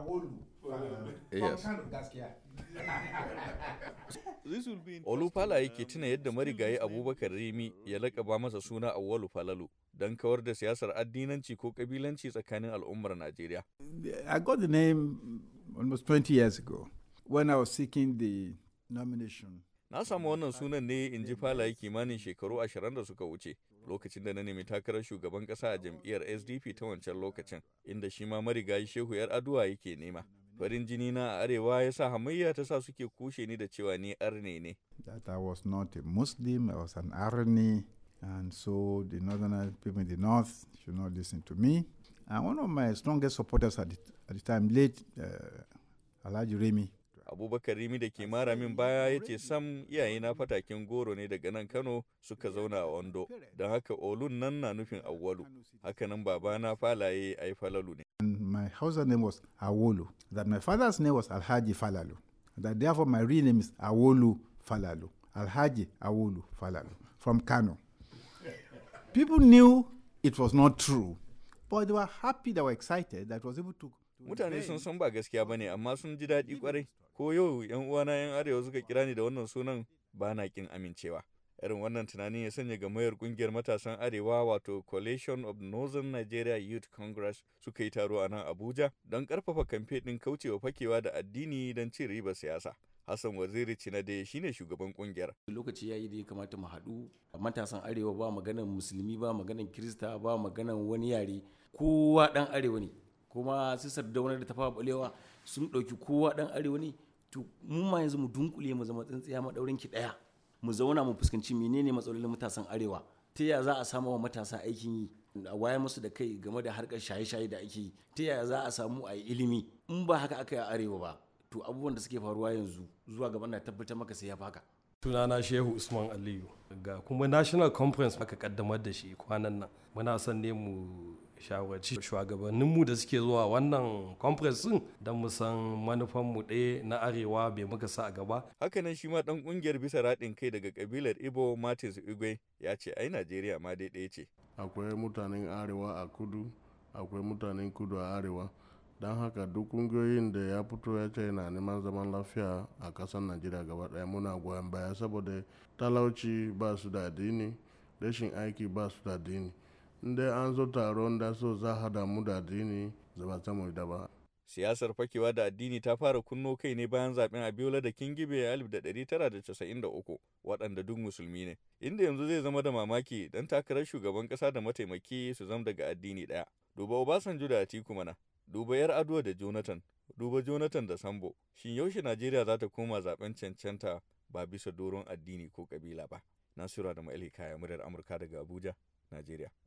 Oh, um, Olufala uh, yake tuna yadda marigayi Abubakar Rimi ya uh, laƙaba masa suna Awolu Falalu don kawar da siyasar addinanci ko ƙabilanci tsakanin al'ummar Najeriya. I got the name almost 20 years ago when I was seeking the nomination Na samu wannan sunan ne in ji falaye kimanin shekaru ashirin da suka wuce lokacin da na nemi takarar shugaban ƙasa a jam'iyyar SDP ta wancan lokacin inda shi ma marigayi Shehu yar aduwa yake nema. Farin jini na a arewa ya sa hamayya ta sa suke kushe ni da cewa ni arne ne. That I was not a Muslim, I was an arne and so the northern people in the north should not listen to me. And one of my strongest supporters at the, at the time, late uh, Alhaji Remy, abubakar rimi da ke mara min baya ya ce sam iyayena fatakin goro ne daga nan kano suka zauna a ondo don haka olun nan na nufin awwalu hakanan babana falaye ai falalu ne my hausa name was awolu that my father's name was alhaji falalu that therefore my real name is awolu falalu alhaji awolu falalu from kano people knew it was not true but they were happy they were excited that was able to Mutane sun san ba gaskiya ba ne amma sun ji daɗi kwarai. Ko yau 'yan uwana 'yan arewa suka kira ni da wannan sunan ba na kin amincewa. Irin wannan tunanin ya sanya ga mayar kungiyar matasan arewa wato Coalition of Northern Nigeria Youth Congress suka yi taro a nan Abuja don ƙarfafa kamfe ɗin kaucewa fakewa da addini don cin ribar siyasa. Hassan Waziri Cinade shine shugaban kungiyar. Lokaci ya yi da ya kamata mu haɗu matasan arewa ba maganan musulmi ba maganan kirista ba maganan wani yare kowa dan arewa ne. kuma su wani da tafawa balewa sun ɗauki kowa ɗan arewa ne to mu ma yanzu mu dunkule mu zama tsintsiya maɗaurin ki ɗaya mu zauna mu fuskanci menene matsalolin matasan arewa ta yaya za a samu wa matasa aikin yi a waya musu da kai game da harkar shaye-shaye da ake yi ta yaya za a samu a yi ilimi in ba haka aka yi a arewa ba to abubuwan da suke faruwa yanzu zuwa gaban na tabbatar maka sai ya faka sunana shehu usman aliyu ga kuma national conference aka kaddamar da shi kwanan nan muna son ne mu shawarci mu da suke zuwa wannan conference din don mu san mu ɗaya na arewa bai muka sa a gaba. Hakanan shi ma ɗan ƙungiyar bisa raɗin kai daga ƙabilar Ibo Martins Igwe ya ce ai Najeriya ma daidai ce. Akwai mutanen arewa a kudu, akwai mutanen kudu a arewa. Don haka duk ƙungiyoyin da ya fito ya ce yana neman zaman lafiya a ƙasar Najeriya gaba ɗaya muna goyon baya saboda talauci ba su da addini, rashin aiki ba su da addini. dai an zo taron da so za a damu da addini ba ta da ba siyasar fakewa da addini ta fara kunno kai ne bayan zaben abiola da Gibe a 1993 waɗanda duk musulmi ne inda yanzu zai zama da mamaki don takarar shugaban ƙasa da mataimaki su zama daga addini ɗaya duba obasanjo da atiku mana duba yar aduwa da jonathan duba jonathan da sambo shin yaushe najeriya za ta koma zaben cancanta ba bisa doron addini ko kabila ba nasura da ma'ali kaya muryar amurka daga abuja najeriya